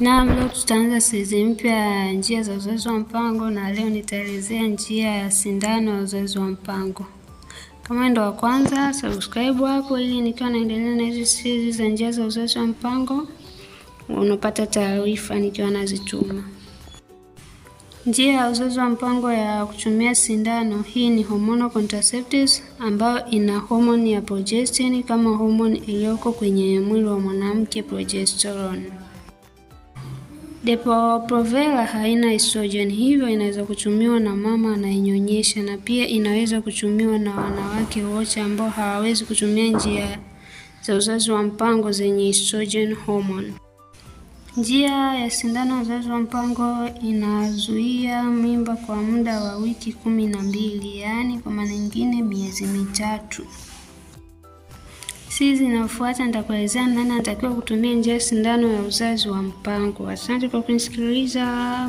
Naam, leo tutaanza sizi mpya ya njia za uzazi wa mpango na leo nitaelezea njia ya sindano ya uzazi wa mpango. Kama ndo wa kwanza, subscribe hapo ili nikiwa naendelea na hizi sizi za njia za uzazi wa mpango unapata taarifa nikiwa nazituma. Njia ya uzazi wa mpango ya kutumia sindano hii ni hormonal contraceptives ambayo ina homoni ya progesterone kama homoni iliyoko kwenye mwili wa mwanamke progesterone depo provela haina estrogen, hivyo inaweza kutumiwa na mama anayenyonyesha na pia inaweza kutumiwa na wanawake wote ambao hawawezi kutumia njia za uzazi wa mpango zenye estrogen hormone. Njia ya sindano uzazi wa mpango inazuia mimba kwa muda wa wiki kumi na mbili, yaani kwa maana nyingine miezi mitatu. Sisi inayofuata nitakuelezea nani anatakiwa kutumia njia ya sindano ya uzazi wa mpango. Asante kwa kunisikiliza.